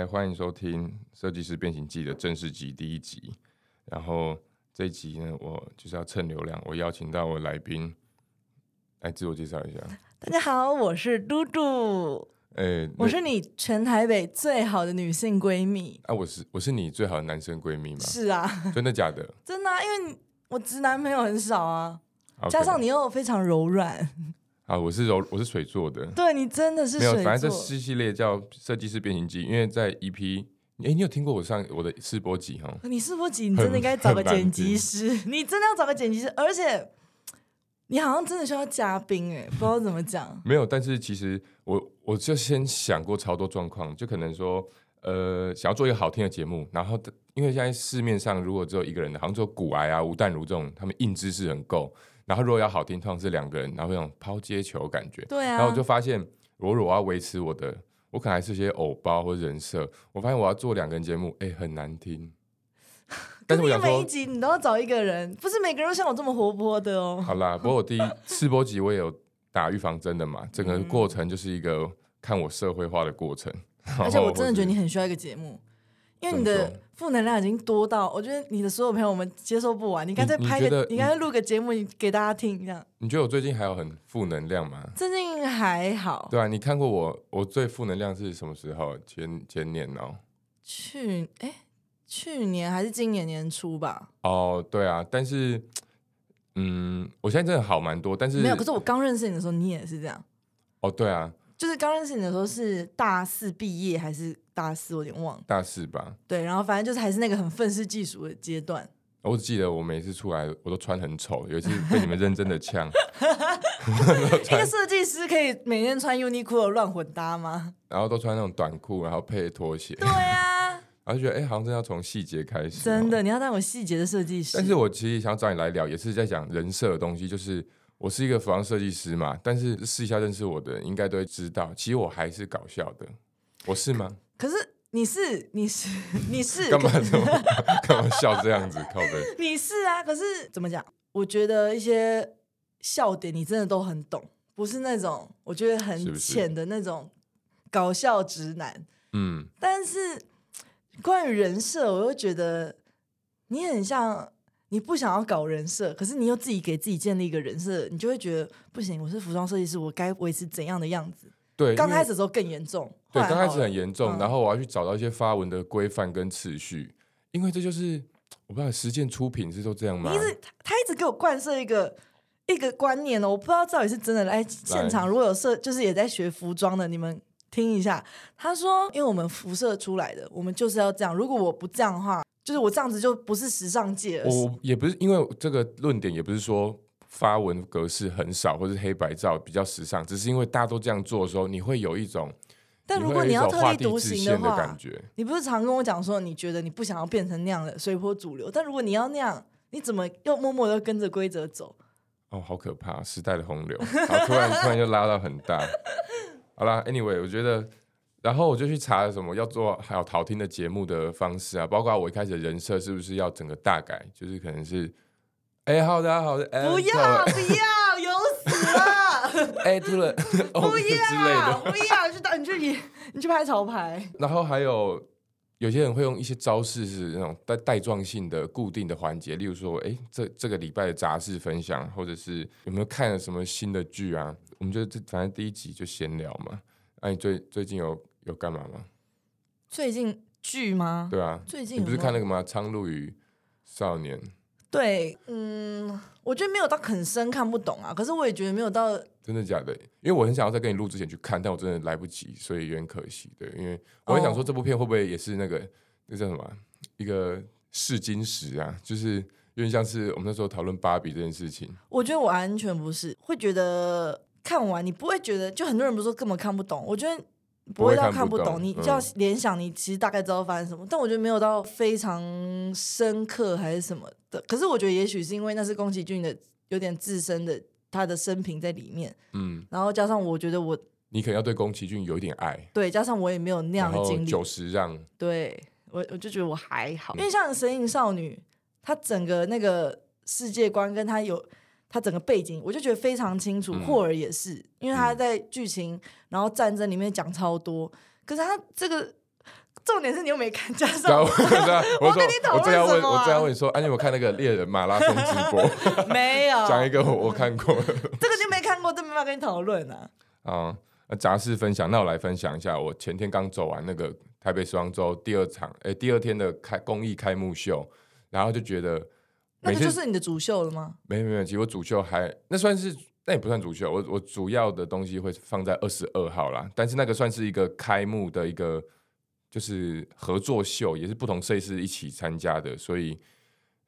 來，歡迎收聽《設計師變形記》的正式集第一集。然後這一集呢，我就是要蹭流量，我邀請到我來賓，來自我介紹一下。大家好，我是嘟嘟。哎、欸，我是你全台北最好的女性閨蜜。啊、我是我是你最好的男生閨蜜嗎？是啊，真的假的？真的，啊，因為我直男朋友很少啊，okay、加上你又非常柔軟。啊，我是柔，我是水做的。對，你真的是水做。沒有，反正這四系列叫設計師變形記，因為在 EP、欸、你有聽過我上我的試播集哈？你試播集，你真的應該找個剪輯師，你真的要找個剪輯師，而且你好像真的需要嘉賓，哎，不知道怎麼講、嗯。沒有，但是其實我我就先想過超多狀況，就可能說，呃，想要做一個好聽的節目，然後因為現在市面上如果只有一個人的，好像股癌啊、吳淡如這種，他們硬知識很夠。然後如果要好聽，通常是兩個人，然後那種拋接球感覺。對啊。然後我就發現，如果我要維持我的，我可能還是一些偶包或人設。我發現我要做兩個人節目，哎、欸，很難聽。 但是我要說，每一集你都要找一個人，不是每個人都像我這麼活潑的哦。好啦，不過我第一試播 集我也有打預防針的嘛，整個過程就是一個看我社會化的過程。而且我真的覺得你很需要一個節目，因為你的。負能量已經多到，我覺得你的所有朋友我們接受不完。你乾脆拍個，你乾脆錄個節目，你給大家聽一下。你覺得我最近還有很負能量嗎？最近還好。對啊，你看過我，我最負能量是什麼時候？前前年哦，去哎，去年還是今年年初吧？哦，對啊。但是，嗯，我現在真的好蠻多。但是沒有，可是我剛認識你的時候，你也是這樣。哦，對啊。就是剛認識你的時候，是大四畢業還是？大四我有點忘了，大四吧，對，然後反正就是還是那個很憤世嫉俗的階段。我只記得我每次出來我都穿很醜，有一次被你們認真的嗆。 一個設計師可以每天穿 UNIQLO 亂混搭嗎？然後都穿那種短褲，然後配拖鞋。對呀、啊， 然後覺得哎、欸，好像真的要從細節開始、哦。真的，你要當我細節的設計師。但是我其實想找你來聊，也是在講人設的東西。就是我是一個服裝設計師嘛，但是私下認識我的人應該都會知道，其實我還是搞笑的，我是嗎？ 可是你是你是你是，嗯，可是幹嘛？ 幹嘛笑這樣子？ 靠背，你是啊。可是怎麼講？我覺得一些笑點你真的都很懂，不是那種我覺得很淺的那種搞笑直男。嗯。但是關於人設，我又覺得你很像，你不想要搞人設，可是你又自己給自己建立一個人設，你就會覺得不行。我是服裝設計師，我該維持怎樣的樣子？對，剛開始的時候更嚴重。對，剛開始很嚴重，然後我要去找到一些發文的規範跟次序，嗯，因為這就是我不知道實踐出品是都這樣嗎？一直他一直給我灌輸一個一個觀念哦，我不知道到底是真的。來現場來如果有社，就是也在學服裝的，你們聽一下，他說，因為我們輻射出來的，我們就是要這樣。如果我不這樣的話，就是我這樣子就不是時尚界。我我也不是，因為這個論點也不是說。發文格式很少，或是黑白照比較時尚，只是因為大家都這樣做的時候，你會有一種……但如果你要特立獨行的話的感覺的話，你不是常跟我講說，你覺得你不想要變成那樣的隨波逐流？但如果你要那樣，你怎麼又默默的跟着規則走？哦，好可怕啊，時代的洪流，然後突然 突然就拉到很大。好了，Anyway，我覺得，然後我就去查了什麼要做好聽的節目的方式啊，包括我一開始的人設是不是要整個大改，就是可能是。哎、欸，好，大家好，哎，不要，不要，有死了。哎，對了，不要，不要，就到你這裡，你去拍潮牌。然後還有有些人會用一些招式，是那種帶帶狀性的固定的環節，例如說，哎、欸，這這個禮拜的雜誌分享，或者是有沒有看了什麼新的劇啊？我們就這反正第一集就閒聊嘛。哎、啊，最最近有有幹嘛嗎？最近劇嗎？對啊，最近有有你不是看那個嗎？《蒼鷺與少年》。對，嗯，我覺得沒有到很深看不懂啊，可是我也覺得沒有到真的假的，因為我很想要在跟你錄之前去看，但我真的來不及，所以有點可惜，對，因為我也想說這部片會不會也是那個、oh. 那叫什麼一個試金石啊，就是有點像是我們那時候討論芭比這件事情。我覺得我完全不是，會覺得看完你不會覺得，就很多人不是說根本看不懂，我覺得。不會到看不懂，不會看不懂，你就要聯想，你其實大概知道發生什麼，嗯，但我覺得沒有到非常深刻還是什麼的。可是我覺得，也許是因為那是宮崎駿的有點自身的他的生平在裡面，嗯，然後加上我覺得我你可能要對宮崎駿有一點愛，對，加上我也沒有那樣的經歷，九十讓對我我就覺得我還好，嗯，因為像《神隱少女》，他整個那個世界觀跟他有。他整個背景，我就覺得非常清楚。嗯、霍爾也是，因為他在劇情、嗯、然後戰爭裡面講超多。可是他這個重點是你又沒看加上。 我跟你討論我再要問,、啊、問，我這問你說，哎、 啊，你有沒有看那個獵人馬拉松直播 沒有？講 一個我我看過，嗯、 這個就沒看過，這沒辦法跟你討論啊。嗯、啊，那雜事分享，那我來分享一下。我前天剛走完那個台北時裝周第二場誒，第二天的開公益開幕秀，然後就覺得。那個就是你的主秀了嗎？沒有沒有，其實我主秀還那算是，那也不算主秀，我我主要的東西會放在二十二號啦，但是那個算是一個開幕的一個就是合作秀，也是不同設計師一起參加的，所以。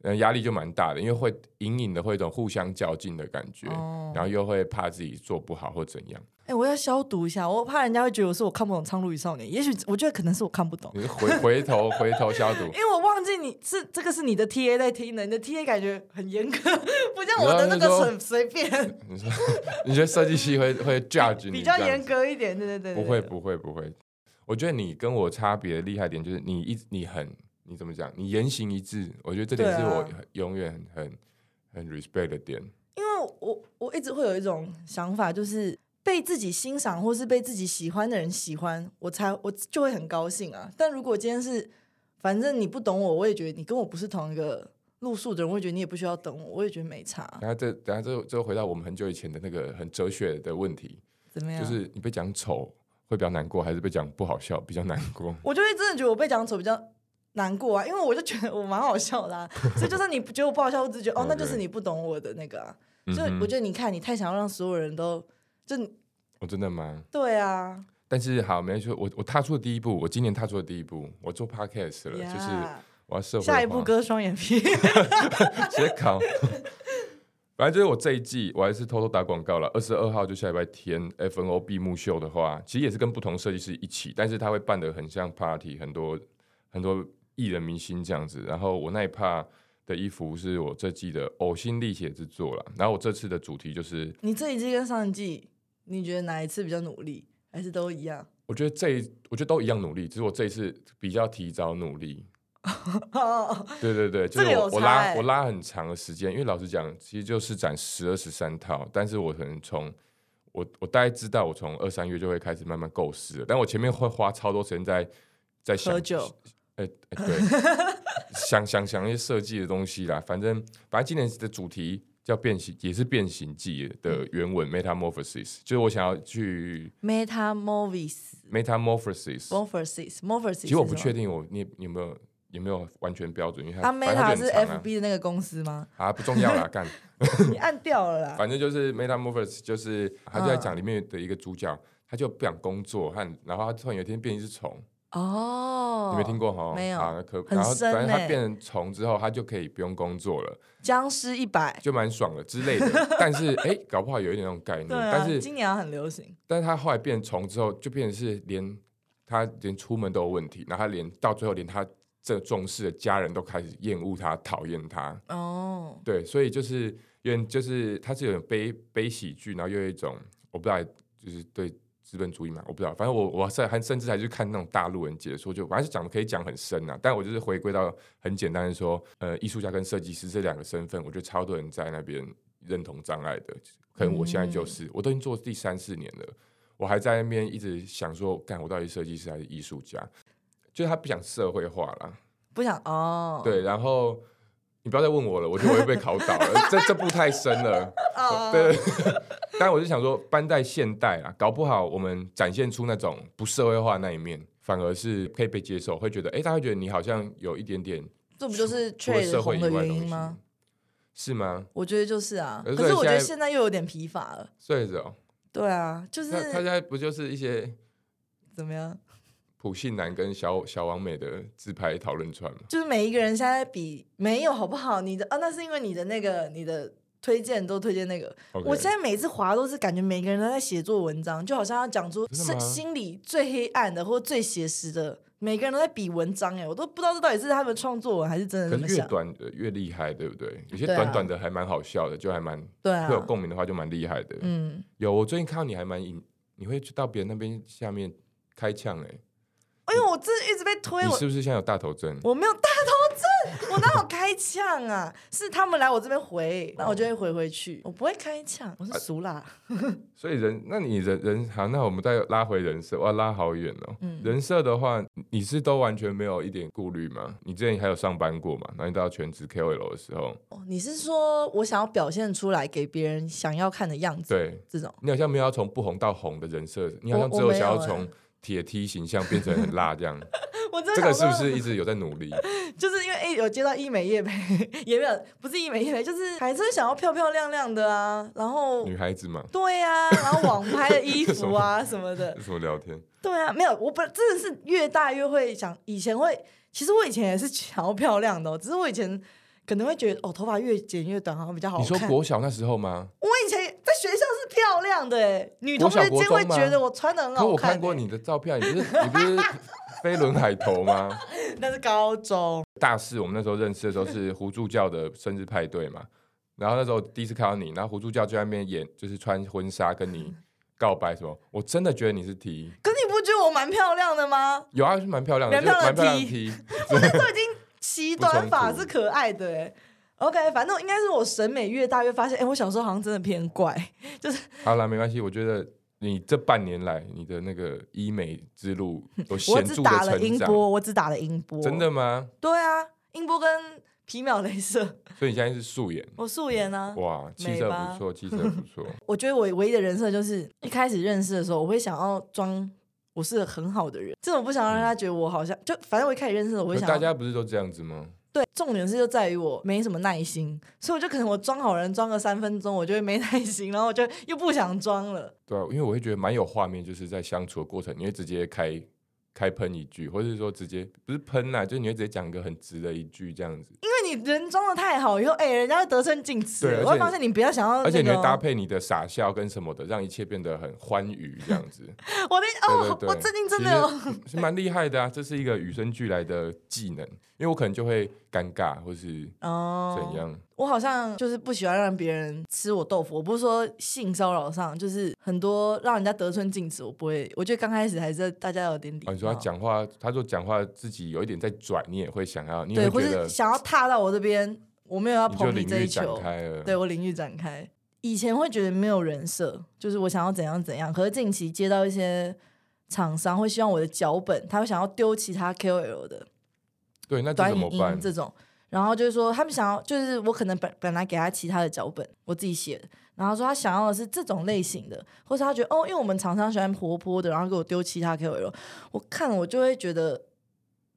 嗯，壓力就蠻大的，因為會隱隱的會有一種互相較勁的感覺，哦，然後又會怕自己做不好或怎樣。哎、欸，我要消毒一下，我怕人家會覺得我是我看不懂《蒼鷺與少年》。也許我覺得可能是我看不懂。你回回頭 回頭消毒，因為我忘記你是這個是你的 T A 在聽的，你的 T A 感覺很嚴格，不像我的那個很隨便。你，你說你覺得設計系會 會 judge，比較嚴格一點？對對對、對、對、對，不會不會不會。我覺得你跟我差別的厲害一點就是你一你很。你怎麼講？你言行一致，我覺得這點是我永遠很、啊、很 respect 的點。因為我我一直會有一種想法，就是被自己欣賞，或是被自己喜歡的人喜歡，我才我就會很高興啊。但如果今天是，反正你不懂我，我也覺得你跟我不是同一個路數的人，我也覺得你也不需要懂我，我也覺得沒差、啊。然後這，等下最後回到我們很久以前的那個很哲學的問題，怎麼樣？就是你被講醜會比較難過，還是被講不好笑比較難過？ 我就會真的覺得我被講醜比較難過啊，因為我就覺得我蠻好笑啦、啊。所以就算你覺得我不好笑，我只覺得 哦，那就是你不懂我的那個、啊。所、嗯、以我覺得你看，你太想要讓所有人都就我、哦、真的嗎？對啊。但是好，沒人說我我踏出了第一步，我今年踏出了第一步，我做 podcast 了，yeah，就是我要瘦，下一步割雙眼皮，接 考 結考。反 正就是我這一季，我還是偷偷打廣告了。二十二號就下禮拜天 F N O 閉幕秀的話，其實也是跟不同設計師一起，但是他會辦得很像 party，很多很多。藝人明星這樣子，然後我那一帕的衣服是我這季的嘔心瀝血之作了，然後我這次的主題就是，你這一季跟上一季，你覺得哪一次比較努力，還是都一樣？我覺得這一，我覺得都一樣努力，只是我這一次比較提早努力。對對對，就是我我拉我拉很長的時間，因為老實講，其實就是攢十二十三套，但是我可能從我我大概知道我從二三月就會開始慢慢構思了，但我前面會花超多時間在在想。欸欸、對， 想想想一些設計的東西啦。反正，反正今年的主題叫變形，也是《變形記》的原文、嗯、，metamorphosis。就是我想要去。metamorphosis，metamorphosis，metamorphosis，metamorphosis metamorphosis,。其實我不確定我你，你有沒有有沒有完全標準，因為它反正有點長啊。Meta 是 FB 的那個公司嗎？啊，不重要啦，幹 幹。 你按掉了啦。反正就是 metamorphosis，就是他就在講裡面的一個主角、嗯，他就不想工作，和然後他突然有一天變一隻蟲。哦、oh,，你沒聽過哈？沒有啊可，可、欸、然後反正他變成蟲之後，他就可以不用工作了，殭屍一百就蠻爽的之類的。 但是哎、欸，搞不好有一點那種概念。啊、但是今年還很流行。但是他後來變成蟲之後，就變成是連他連出門都有問題，然後他連到最後連他這個重視的家人都開始厭惡他、討厭他。哦、oh.，對，所以就是，因為就是他是有點悲悲喜劇，然後又有一種我不知道，就是對。資本主義嘛，我不知道，反正我我甚還甚至還去看那種大陸人解說，就反正是講的可以講很深啊。但我就是回歸到很簡單的說，呃，藝術家跟設計師這兩個身份，我覺得超多人在那邊認同障礙的，可能我現在就是，嗯、我都已經做了第三四年了，我還在那邊一直想說，幹我到底是設計師還是藝術家？就是他不想社會化啦，不想哦，對，然後。你不要再問我了，我覺得我會被考倒了， 這這步太深了。Uh. 哦、對。但我是我就想說，搬在現代啊，搞不好我們展現出那種不社會化的那一面，反而是可以被接受，會覺得，哎，大家會覺得你好像有一點點……這不就是社會的原因嗎？是嗎？我覺得就是啊，可是我覺得現在又有點疲乏了。所以哦、對啊，就是他,他現在不就是一些怎麼樣？普信男跟小小王美的自拍討論串嘛，就是每一個人現在,在比沒有好不好？你的啊，那是因為你的那個你的推薦都推薦那個。Okay. 我現在每次滑都是感覺每個人都在寫作文章，就好像要講出心心裡最黑暗的或最寫實的，的每個人都在比文章哎、欸，我都不知道這到底是他們創作文還是真的。可是越短的越厲害，對不對？有些短短的還蠻好笑的，就還蠻對啊，會有共鳴的話就蠻厲害的。嗯、啊，有我最近看到你還蠻你會去到別人那邊下面開嗆哎、欸。因呦我的一直被推，你是不是現在有大頭針？我沒有大頭針，我哪有開槍啊？ 是他們來我這邊回，那我就會回回去。啊、我不會開槍，我是俗啦。所以人，那你人人像那我們再拉回人設，哇，拉好遠哦。嗯，人設的話，你是都完全沒有一點顧慮嗎？你之前還有上班過嘛？那你到全職 KOL 的時候，哦，你是說我想要表現出來給別人想要看的樣子，對這種，你好像沒有從不紅到紅的人設，你好像只有想要從、哦。鐵 T 形象變成很辣這樣， 我這個是不是一直有在努力？ 就是因為哎、欸，有接到醫美業配，也沒有，不是醫美業配，就是還是想要漂漂亮亮的啊。然後女孩子嘛，對呀、啊，然後網拍的衣服啊 什麼什麼的。什麼聊天？對啊，沒有，我本真的是越大越會想，以前會，其實我以前也是想要漂亮的、哦，只是我以前可能會覺得哦，頭髮越剪越短好像比較好看。你說國小那時候嗎？我以前在學校。漂亮的、欸、女同學就會覺得我穿的很好看。可我看過你的照片，你不是你 不是飛輪海頭嗎？ 那是高中大四，我們那時候認識的時候是胡助教的生日派對嘛。然後那時候第一次看到你，然後胡助教就在那邊演，就是穿婚紗跟你告白什麼。我真的覺得你是 T，可是你不覺得我蠻漂亮的嗎？有啊，是蠻漂、漂、漂亮的，T，的 T, T 的我現在都已經齊短髮，是可愛的、欸。 OK，反正應該是我審美越大越發現，哎、欸，我小時候好像真的偏怪，就是。好啦，沒關係。我覺得你這半年來你的那個醫美之路有顯著的成長。我只打了音波，我只打了音波。真的嗎？對啊，音波跟皮秒雷射。所以你現在是素顏？我素顏啊。哇，氣色不錯，氣色不錯。 我覺得我唯一的人設就是一開始認識的時候，我會想要裝我是很好的人，這種不想讓大家覺得我好像、嗯、就反正我一開始認識的時候我會想要大家不是都這樣子嗎？對，重點是就在於我沒什麼耐心，所以我就可能我裝好人裝個三分鐘，我就會沒耐心，然後我就又不想裝了。對啊，因為我會覺得蠻有畫面，就是在相處的過程，你會直接開開噴一句，或者是說直接不是噴啊，就是你會直接講個很直的一句這樣子。因為。你人裝得太好以後，哎、欸，人家得寸進尺了。我會發現你不要想要、那個。而且，你會搭配你的傻笑跟什麼的，讓一切變得很歡愉，這樣子。 我那哦，我最近真的蠻厲害的啊！這是一個與生俱來的技能，因為我可能就會尷尬，或是哦怎樣。我好像就是不喜歡讓別人吃我豆腐。我不是說性騷擾上，就是很多讓人家得寸進尺，我不會。我覺得剛開始還是大家有點點、哦、你說他講話，他說講話自己有一點在轉，你也會想要，對，你也會是想要踏到。我這邊我沒有要捧你這一球，對我領域展開。以前會覺得沒有人設，就是我想要怎樣怎樣。可是近期接到一些廠商會希望我的腳本，他會想要丟其他 KOL 的，對，那是怎麼辦？短影音這種，然後就是說他們想要，就是我可能本本來給他其他的腳本，我自己寫的，然後說他想要的是這種類型的，或者他覺得哦，因為我們廠商喜歡活潑的，然後給我丟其他 KOL 我看我就會覺得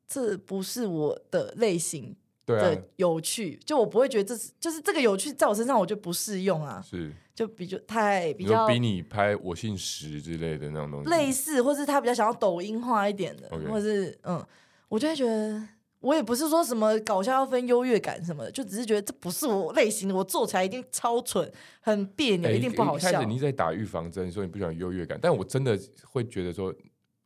這不是我的類型。對啊對，有趣，就我不會覺得這是，就是這個有趣，在我身上我就不適用啊，是就比較太比較比，比你拍我姓石之類的那種東西，類似，或是他比較想要抖音化一點的，Okay. 或是嗯，我就會覺得我也不是說什麼搞笑要分優越感什麼的，就只是覺得這不是我類型的，我做起來一定超蠢，很別扭，一定不好笑。一開始你在打預防針，所以你不喜歡優越感，但我真的會覺得說，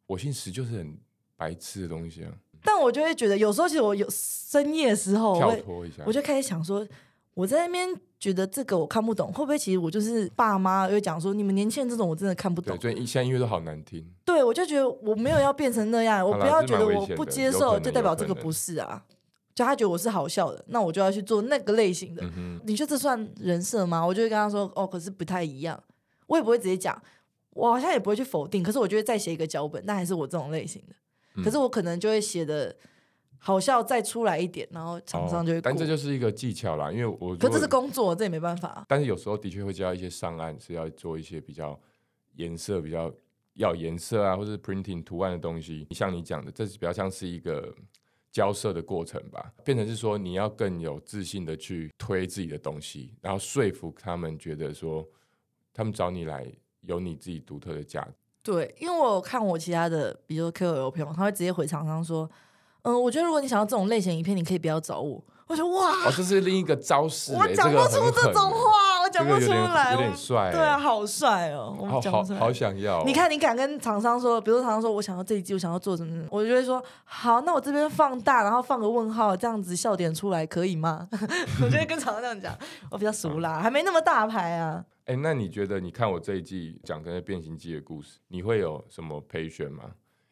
我姓石就是很白痴的東西啊。但我就會覺得，有時候其實我有深夜的時候，我會我就開始想說，我在那邊覺得這個我看不懂，會不會其實我就是爸媽又講說，你們年輕人這種我真的看不懂。對，現在音樂都好難聽。對，我就覺得我沒有要變成那樣，我不要覺得我不接受，就代表這個不是啊。就他覺得我是好笑的，那我就要去做那個類型的。嗯、你覺得這算人設嗎？我就會跟他說哦，可是不太一樣。我也不會直接講，我好像也不會去否定。可是我就會再寫一個腳本，但還是我這種類型的。可是我可能就會寫的好笑，再出來一點，然後廠商就會、哦。但這就是一個技巧啦，因為我可是這是工作，這也沒辦法、啊。但是有時候的確會交一些上岸是要做一些比較顏色比較要顏色啊，或者是 printing 圖案的東西。像你講的，這是比較像是一個交涉的過程吧，變成是說你要更有自信的去推自己的東西，然後說服他們，覺得說他們找你來有你自己獨特的價值。對，因為我看我其他的，比如說 KOL 朋友，他會直接回廠商說。嗯，我覺得如果你想要這種類型影片，你可以不要找我。我覺得哇，哦，這是另一個招式，欸。我講不出這種話，欸這個，我講不出來。這個，有點帥，欸，對，啊，好帥，喔，哦。我講不出來。哦，好，好想要，哦。你看，你敢跟廠商說，比如說廠商說我想要這一季，我想要做什麼？我就會說好，那我這邊放大，然後放個問號，這樣子笑點出來可以嗎？ 我覺得跟廠商這樣講， 我比較熟啦，啊，還沒那麼大牌啊。哎，欸，那你覺得，你看我這一季講跟那變形記的故事，你會有什麼陪選嗎？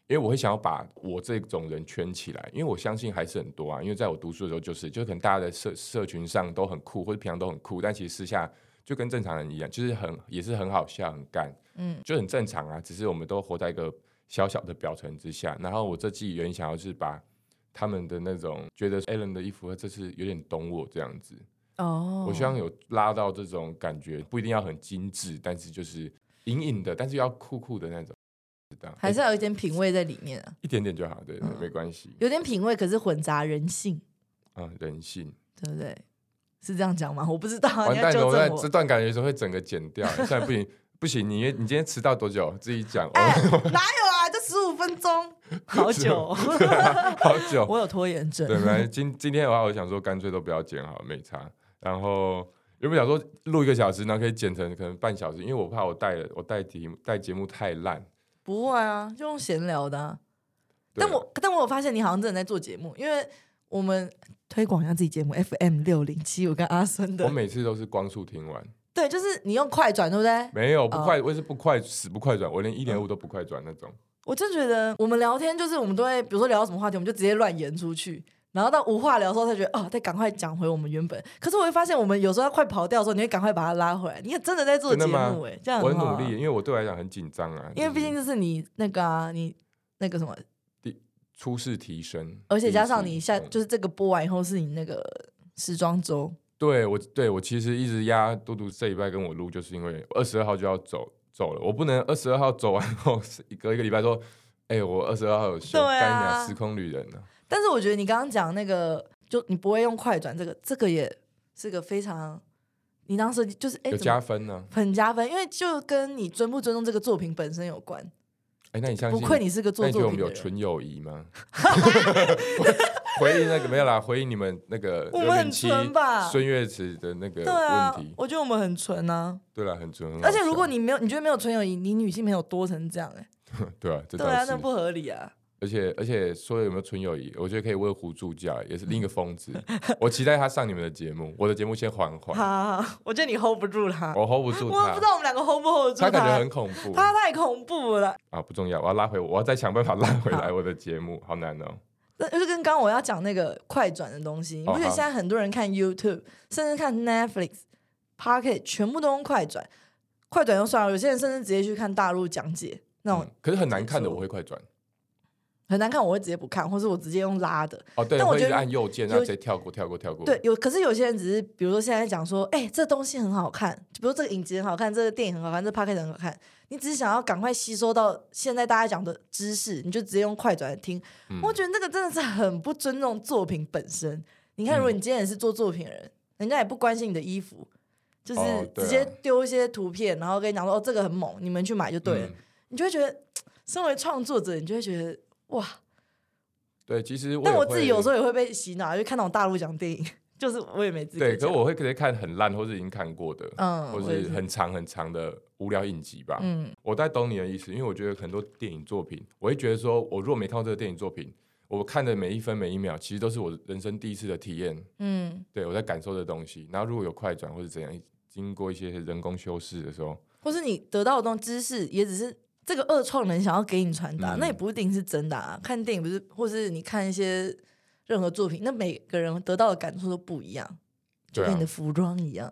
因為我會想要把我這種人圈起來，因為我相信還是很多啊。因為在我讀書的時候，就是就可能大家在社社群上都很酷，或者平常都很酷，但其實私下就跟正常人一樣，就是很也是很好笑，很幹，嗯，就很正常啊。只是我們都活在一個小小的表層之下。然後我這季原想要是把他們的那種覺得 Allen 的衣服，這次有點懂我這樣子哦。我希望有拉到這種感覺，不一定要很精緻，但是就是隱隱的，但是要酷酷的那種。還是有一點品味在裡面啊，欸、一點點就好，對，對，對、嗯、沒關係。有點品味，可是混雜人性啊、嗯，人性，對不對？是這樣講嗎？我不知道、啊。完蛋了，完蛋，我這段感覺說會整個剪掉， 現在不行，不行。你你今天遲到多久？自己講。欸、哦！哪有啊？ 這十五分鐘，好久，啊、好久。 我有拖延症。本來今今天的話，我想說乾脆都不要剪好，好沒差。然後原本想說錄一個小時，那可以剪成可能半小時，因為我怕我帶了我，我帶題帶節目太爛。不會啊，就用閒聊的、啊。啊、但我但我有發現你好像真的在做節目，因為我們推廣一下自己節目 FM 六零七，我跟阿孫的。我每次都是光速聽完。對，就是你用快轉，對不對？沒有不快，我、Oh, 是不快，死不快轉，我連一點五都不快轉那種。我就覺得我們聊天就是我們都會，比如說聊到什麼話題，我們就直接亂延出去。然後到無話聊的時候，他覺得哦，得趕快講回我們原本。可是我會發現，我們有時候要快跑掉的時候，你會趕快把他拉回來。你也真的在做節目哎，真的嗎？這樣很、啊。我很努力，因為我對我來講很緊張啊。因為畢竟就是你那個啊，你那個什麼，第初試啼聲，而且加上你下就是這個播完以後是你那個時裝周。對我對我其實一直壓嘟嘟這禮拜跟我錄，就是因為二十二號就要走走了，我不能二十二號走完後隔一,一個禮拜說，哎、欸，我二十二號有休，幹、啊、講時空旅人呢。但是我覺得你剛剛講那個，就你不會用快轉這個，這個也是個非常，你當時就是很、欸、加分呢、啊，很加分，因為就跟你尊不尊重這個作品本身有關。哎、欸，那你相信，不愧你是個做作品。你覺得我們有純友誼嗎？ 回憶那個沒有啦，回憶你們那個我們很純吧？孫悅子的那個問題對、啊，我覺得我們很純啊。對啦，很純，而且如果你沒有，你覺得沒有純友誼，你女性朋友多成這樣、欸？哎、 啊，對啊，這啊，那不合理啊。而且而且說有沒有純友誼，我覺得可以為胡助教也是另一個瘋子。 我期待他上你們的節目，我的節目先緩緩。好，好，我覺得你 hold 不住他，我 hold 不住他，我不知道我們兩個 hold 不 hold 不住他。他感覺很恐怖，他太恐怖了。啊，不重要，我要拉回，我要再想辦法拉回來我的節目好，好難哦。那就跟剛剛我要講那個快轉的東西，而、哦、得現在很多人看 YouTube，甚至看 Netflix、Pocket，全部都用快轉。快轉就算了，有些人甚至直接去看大陸講解那種、嗯，可是很難看的，我會快轉。很難看，我會直接不看，或者我直接用拉的。但、哦、對，但我覺得會按右鍵，然後直接跳過，跳過，跳過。對，有。可是有些人只是，比如說現在講說，哎、欸，這東西很好看，就比如說這個影集很好看，這個電影很好看，這個 podcast 很好看。你只是想要趕快吸收到現在大家講的知識，你就直接用快轉來聽、嗯。我覺得那個真的是很不尊重作品本身。你看，嗯、如果你今天也是做作品的人，人家也不關心你的衣服，就是直接丟一些圖片，哦啊、然後跟你講說，哦，這個很猛，你們去買就對了。嗯、你就會覺得，身為創作者，你就會覺得。哇，對，其實我但我自己有時候也會被洗腦，就看那種大陸講電影，就是我也沒自己。對，可是我會可以看很爛或者已經看過的，嗯，或者很長很長的無聊影集吧。嗯，我大概懂你的意思，因為我覺得很多電影作品，我會覺得說，我如果沒看過這個電影作品，我看的每一分每一秒，其實都是我人生第一次的體驗。嗯，對，我在感受這東西。然後如果有快轉或者怎樣，經過一些人工修飾的時候，或是你得到的東西，知識也只是。這個二創人想要給你傳達、嗯，那也不一定是真的啊。看電影不是，或是你看一些任何作品，那每個人得到的感觸都不一樣，對、啊，就跟你的服裝一樣。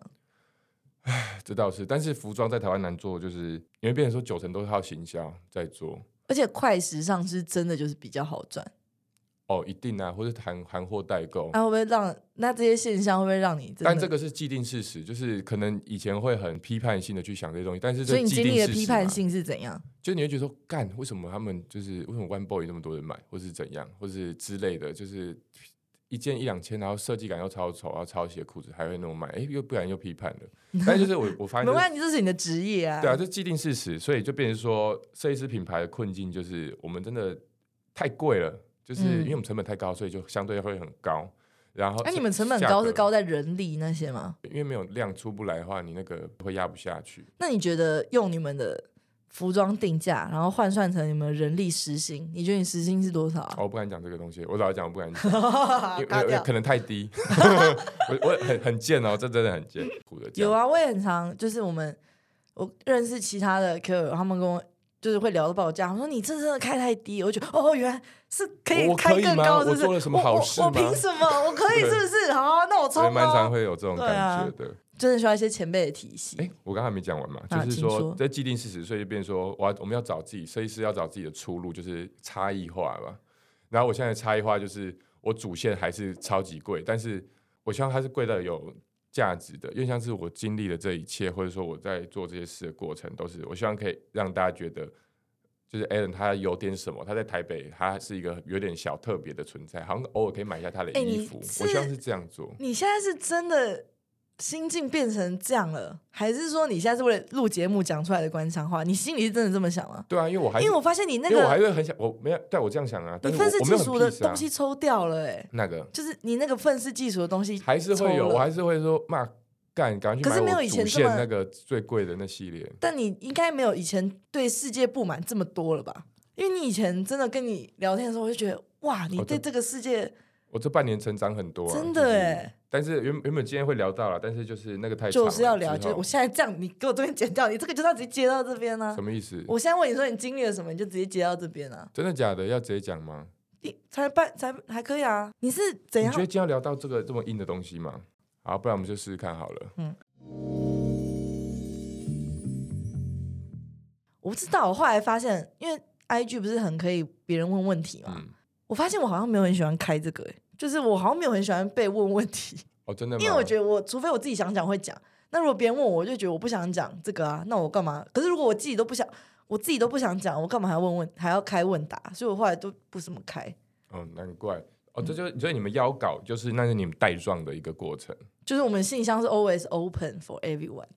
唉，這倒是，但是服裝在台灣難做，就是因為變成說九成都是靠行銷在做，而且快時尚是真的就是比較好賺。哦，一定啊，或者談韓貨代購，那、啊、會不會讓那這些現象會不會讓你？但這個是既定事實，就是可能以前會很批判性的去想這些東西，但是這所以你經歷的批判性是怎樣？就是、你會覺得說，幹，為什麼他們就是為什麼 One Boy 那麼多人買，或是怎樣，或是之類的就是一件一兩千，然後設計感又超醜，然後抄襲的褲子還會那麼買，哎、欸，又不然又批判的。但就是我我發現、就是， 沒關係，這、就是你的職業啊。對啊，這既定事實，所以就變成說設計師品牌的困境就是我們真的太貴了。就是因為我們成本太高，所以就相對會很高。然後，哎、啊，你們成本高是高在人力那些嗎？因為沒有量出不來的話，你那個會壓不下去。那你覺得用你們的服裝定價，然後換算成你們人力時薪，你覺得你時薪是多少啊？哦，我不敢講這個東西，我早就講我不敢講， 可能太低。我 我很很賤哦，這真的很賤苦的。有啊，我也很常，就是我們我認識其他的客，他們跟我。就是會聊到報價，我說你這真的開太低，我覺得哦，原來是可以開更高的，我說什麼好事？我憑什麼我可以？是不是？好，是不是 好啊，那我超。常常會有這種感覺的，真的，啊就是，需要一些前輩的體系。哎、欸，我剛才沒講完嘛，啊，就是說，說在既定事實，所以變說我要，我們要找自己設計師，要找自己的出路，就是差異化嘛。然後我現在的差異化就是我主線還是超級貴，但是我希望它是貴到有。價值的，因為像是我經歷了這一切，或者說我在做這些事的過程，都是我希望可以讓大家覺得，就是 Allen 他有點什麼，他在台北，他是一個有點小特別的存在，好像偶爾可以買一下他的衣服，欸。我希望是這樣做。你現在是真的，.心境變成這樣了，還是說你現在是為了錄節目講出來的官腔話？你心裡是真的這麼想嗎？對啊，因為我還因為我發現你那個，因為我還是很想，我沒有，但我這樣想啊。但你憤世嫉俗的東西抽掉了、欸，哎，那個？就是你那個憤世嫉俗的東西抽了，還是會有，我還是會說罵，幹，趕快去買，可是沒有以前那那個最貴的那系列。但你應該沒有以前對世界不滿這麼多了吧？因為你以前真的跟你聊天的時候，我就覺得哇，你對這個世界，我這，我這半年成長很多、啊，真的哎、欸。但是原原本今天會聊到了，但是就是那個太長了，就是要聊。就是、我現在這樣，你給我這邊剪掉，你這個就直接接到這邊了、啊、什麼意思？我現在問你說你經歷了什麼，你就直接接到這邊了、啊。真的假的？要直接講嗎？你才辦才還可以啊。你是怎樣？你覺得今天要聊到這個這麼硬的東西嗎？好，不然我們就試試看好了。嗯，我不知道。我後來發現，因為 IG 不是很可以別人問問題嘛、嗯，我發現我好像沒有很喜歡開這個誒、欸。就是我好像沒有很喜歡被問問題，哦，真的嗎？因為我覺得我除非我自己想講會講，那如果別人問我我就覺得我不想講這個啊，那我幹嘛？可是如果我自己都不想，我自己都不想講，我幹嘛還要問問，還要開問答？所以我後來都不怎麼開。哦，難怪哦，這就是、嗯、所以你們邀稿就是那就是你們帶狀的一個過程，就是我們信箱是 always open for everyone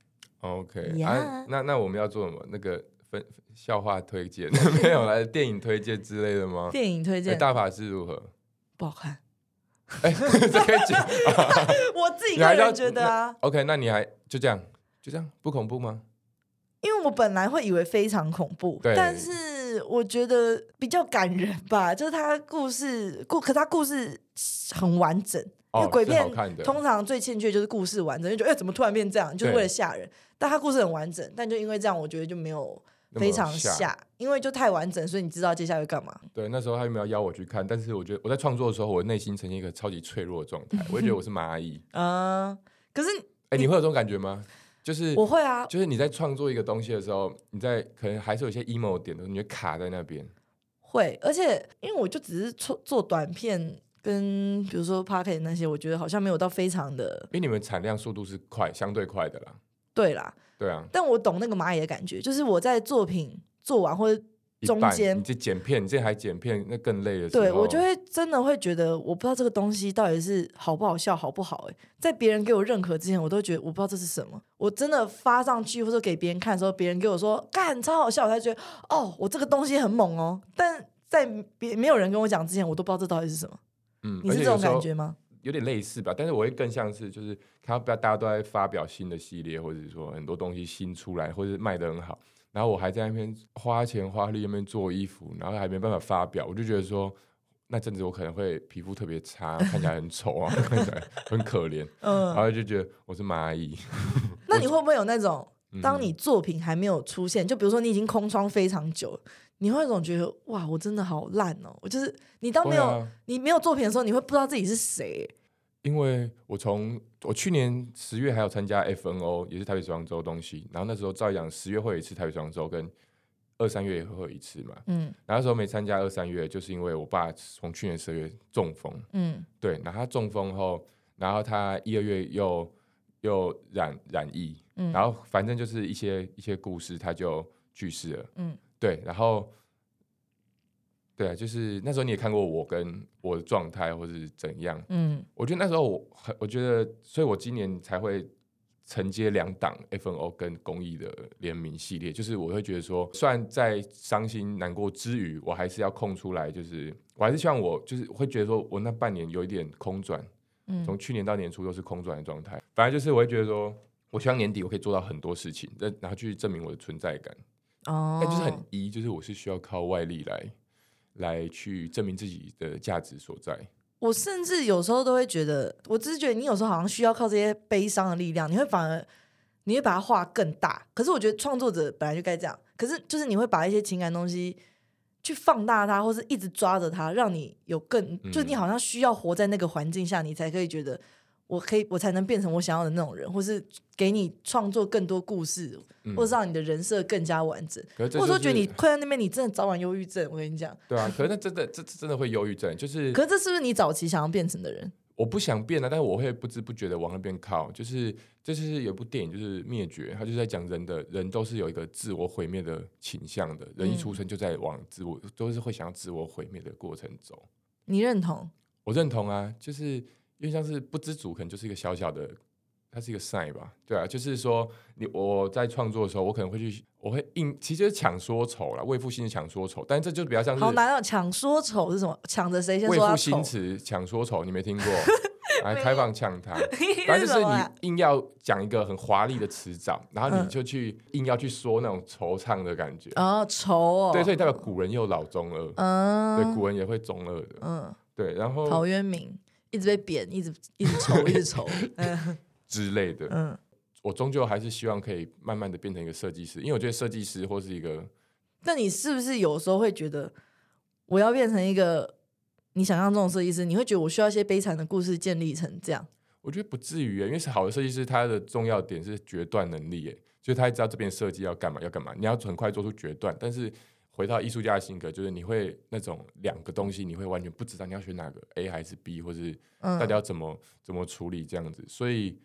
okay.、Yeah. 啊。OK，那那我們要做什麼？那個分，分笑話推薦 沒有啊啦？ 電影推薦之類的嗎？電影推薦、欸、大法師如何？不好看。哎，這我自己個人覺得啊。那 OK，那你還就這樣，就這樣，不恐怖嗎？因為我本來會以為非常恐怖，對，但是我覺得比較感人吧。就是他故事故，可是他故事很完整。哦，因為鬼片通常最欠缺的就是故事完整，就覺得哎，欸，怎麼突然變這樣，就是為了嚇人。但他故事很完整，但就因為這樣，我覺得就沒有。非常下，下，因為就太完整，所以你知道接下來會幹嘛？對，那時候他有沒有要邀我去看？但是我覺得我在創作的時候，我的內心呈現一個超級脆弱的狀態， 我也覺得我是螞蟻啊。Uh, 可是，哎、欸，你會有這種感覺嗎？就是我會啊，就是你在創作一個東西的時候，你在可能還是有些 emo 點的時候，你就卡在那邊。會，而且因為我就只是做做短片，跟比如說 podcast 那些，我覺得好像沒有到非常的。因為你們產量速度是快，相對快的啦。對啦。對啊，但我懂那個螞蟻的感覺，就是我在作品做完或者中間，你這剪片，你這還剪片，那更累了。對，我就會真的會覺得，我不知道這個東西到底是好不好笑，好不好、欸？哎，在別人給我認可之前，我都覺得我不知道這是什麼。我真的發上去或者給別人看的時候，別人給我說幹，超好笑，我才覺得哦，我這個東西很猛哦、喔。但在別沒有人跟我講之前，我都不知道這到底是什麼。嗯，你是這種感覺嗎？有點類似吧，但是我會更像是，就是看到大家都在發表新的系列，或者說很多東西新出來或者是賣得很好，然後我還在那邊花錢花力那邊做衣服，然後還沒辦法發表，我就覺得說那陣子我可能會皮膚特別差， 看起來很醜啊， 看起來很可憐， 然後就覺得我是螞蟻， 那你會不會有那種？嗯、當你作品還沒有出現，就比如說你已經空窗非常久了，你會總覺得哇，我真的好爛哦、喔！我就是你當沒有、啊、你沒有作品的時候，你會不知道自己是誰、欸。因為我從我去年十月還有參加 FNO，也是台北時裝周東西，然後那時候照樣十月會有一次台北時裝周，跟二三月也會有一次嘛。嗯，然後那時候沒參加二三月，就是因為我爸從去年十月中風。嗯，對，然後他中風後，然後他一二月又。又染染疫、嗯，然後反正就是一些一些故事，他就去世了。嗯，對，然後對啊，就是那時候你也看過我跟我的狀態，或是怎樣。嗯，我覺得那時候我我覺得，所以我今年才會承接兩檔 F N O 跟公益的聯名系列，就是我會覺得說，算在傷心難過之餘，我還是要空出來，就是我還是希望我就是會覺得說我那半年有一點空轉。嗯，從去年到年初都是空轉的狀態，反正就是我會覺得說，我希望年底我可以做到很多事情，然後去證明我的存在感。哦，那就是很一，就是我是需要靠外力來來去證明自己的價值所在。我甚至有時候都會覺得，我只是覺得你有時候好像需要靠這些悲傷的力量，你會反而你會把它畫更大。可是我覺得創作者本來就該這樣，可是就是你會把一些情感東西，去放大它，或是一直抓着它，讓你有更，嗯、就是你好像需要活在那個環境下，你才可以覺得我可以，我才能變成我想要的那種人，或是給你創作更多故事，嗯，或是讓你的人設更加完整，就是，或者說覺得你困在那邊，你真的早晚憂鬱症。我跟你講，對啊，可是那真的，這真的會憂鬱症，就是，可是這是不是你早期想要變成的人？我不想變了、啊，但是我會不知不覺的往那邊靠。就是，這、就是有部電影，就是《滅絕》，他就是在講人的人都是有一個自我毀滅的傾向的、嗯。人一出生就在往自我都是會想要自我毀滅的過程走，你認同？我認同啊，就是因為像是不知足，可能就是一個小小的。它是一個賽吧，對啊，就是說你我在創作的時候，我可能會去，我會硬，其實是強說愁了，為賦新詞強說愁，但這就比較像是。好難啊！強說愁是什麼？搶着誰先說愁？為賦新詞強說愁，你沒聽過？來 開放搶他， 反正就是你硬要講一個很華麗的詞藻，然後你就去硬要去說那種惆悵的感覺啊，愁哦，對，所以代表古人又老中二啊，對，古人也會中二的，嗯，對，然後陶淵明一直被貶，一直一直愁，一直愁。 之類的，嗯，我終究還是希望可以慢慢的變成一個設計師，因為我覺得設計師或是一個，那你是不是有時候會覺得我要變成一個你想象中的設計師？你會覺得我需要一些悲慘的故事建立成這樣？我覺得不至於啊，因為是好的設計師，他的重要點是決斷能力，耶，就是他知道這邊設計要幹嘛，要幹嘛，你要很快做出決斷。但是回到藝術家的性格，就是你會那種兩個東西，你會完全不知道你要選哪個 A 還是 B，或是大家要怎麼、嗯、怎麼處理這樣子，所以。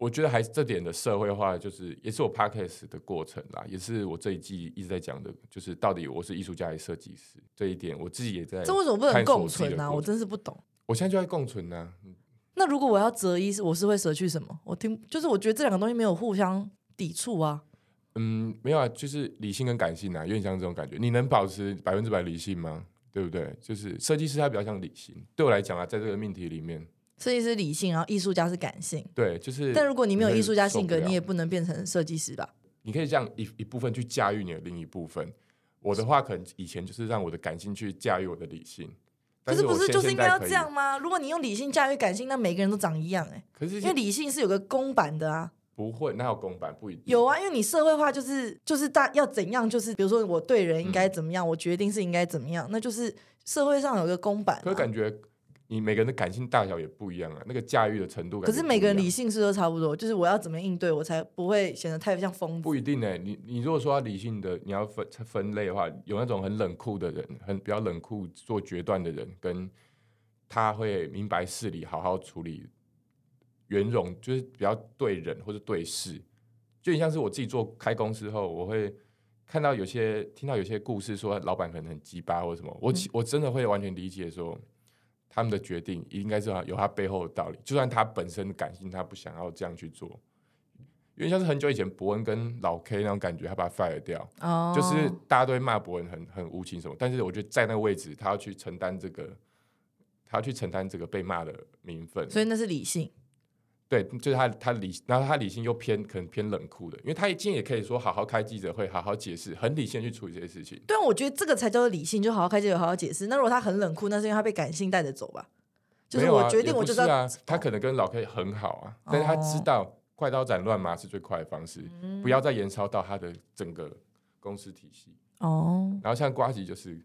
我覺得還是這點的社會化，就是也是我 podcast 的過程啦，也是我這一季一直在講的，就是到底我是藝術家還是設計師這一點，我自己也在。這為什麼不能共存呢、啊？我真是不懂。我現在就在共存呢、啊。那如果我要擇一，是我是會捨去什麼？我聽，就是我覺得這兩個東西沒有互相抵觸啊。嗯，沒有啊，就是理性跟感性啊，有點像這種感覺。你能保持百分之百理性嗎？對不對？就是設計師他比較像理性，對我來講啊，在這個命題裡面。設計師理性，然後藝術家是感性。對，就是。但如果你沒有藝術家性格，你也不能變成設計師吧？你可以這樣一一部分去駕馭你的另一部分。我的話，可能以前就是讓我的感性去駕馭我的理性。可是不是就是應該要這樣嗎？如果你用理性駕馭感性，那每個人都長一樣哎、欸。可是因為理性是有個公版的啊。不會，哪有公版？不一定。有啊，因為你社會化就是就是大要怎樣，就是比如說我對人應該怎麼樣、嗯，我決定是應該怎麼樣，那就是社會上有個公版。可是感覺。你每個人的感性大小也不一樣啊，那個駕馭的程度。可是每個人理性是都差不多，就是我要怎麼應對，我才不會顯得太像瘋子。不一定呢、欸。你你如果說要理性的，你要分分類的話，有那種很冷酷的人，很比較冷酷做決斷的人，跟他會明白事理，好好處理原，圓融就是比較對人或者對事。就像是我自己做開公司後，我會看到有些聽到有些故事，說老板可能很雞巴或者什麼，我、嗯、我真的會完全理解說。他們的決定應該是有他背後的道理，就算他本身的感性，他不想要這樣去做，因為像是很久以前伯恩跟老 K 那種感覺，他把他 fire 掉，oh. 就是大家都會罵伯恩很很無情什麼，但是我覺得在那個位置，他要去承擔這個，他要去承擔這個被罵的名分，所以那是理性。對，就是他，他理，然後他理性又偏可能偏冷酷的，因為他已經也可以說好好開記者會，好好解釋，很理性去處理這些事情。對、啊，我覺得這個才叫做理性，就好好開記者好好解釋。那如果他很冷酷，那是因為他被感性帶着走吧？就是、我決定沒、啊、我覺得是啊，啊，他可能跟老 K 很好啊，但是他知道快刀斬亂麻是最快的方式、哦，不要再延燒到他的整個公司體系哦。然後像呱吉就是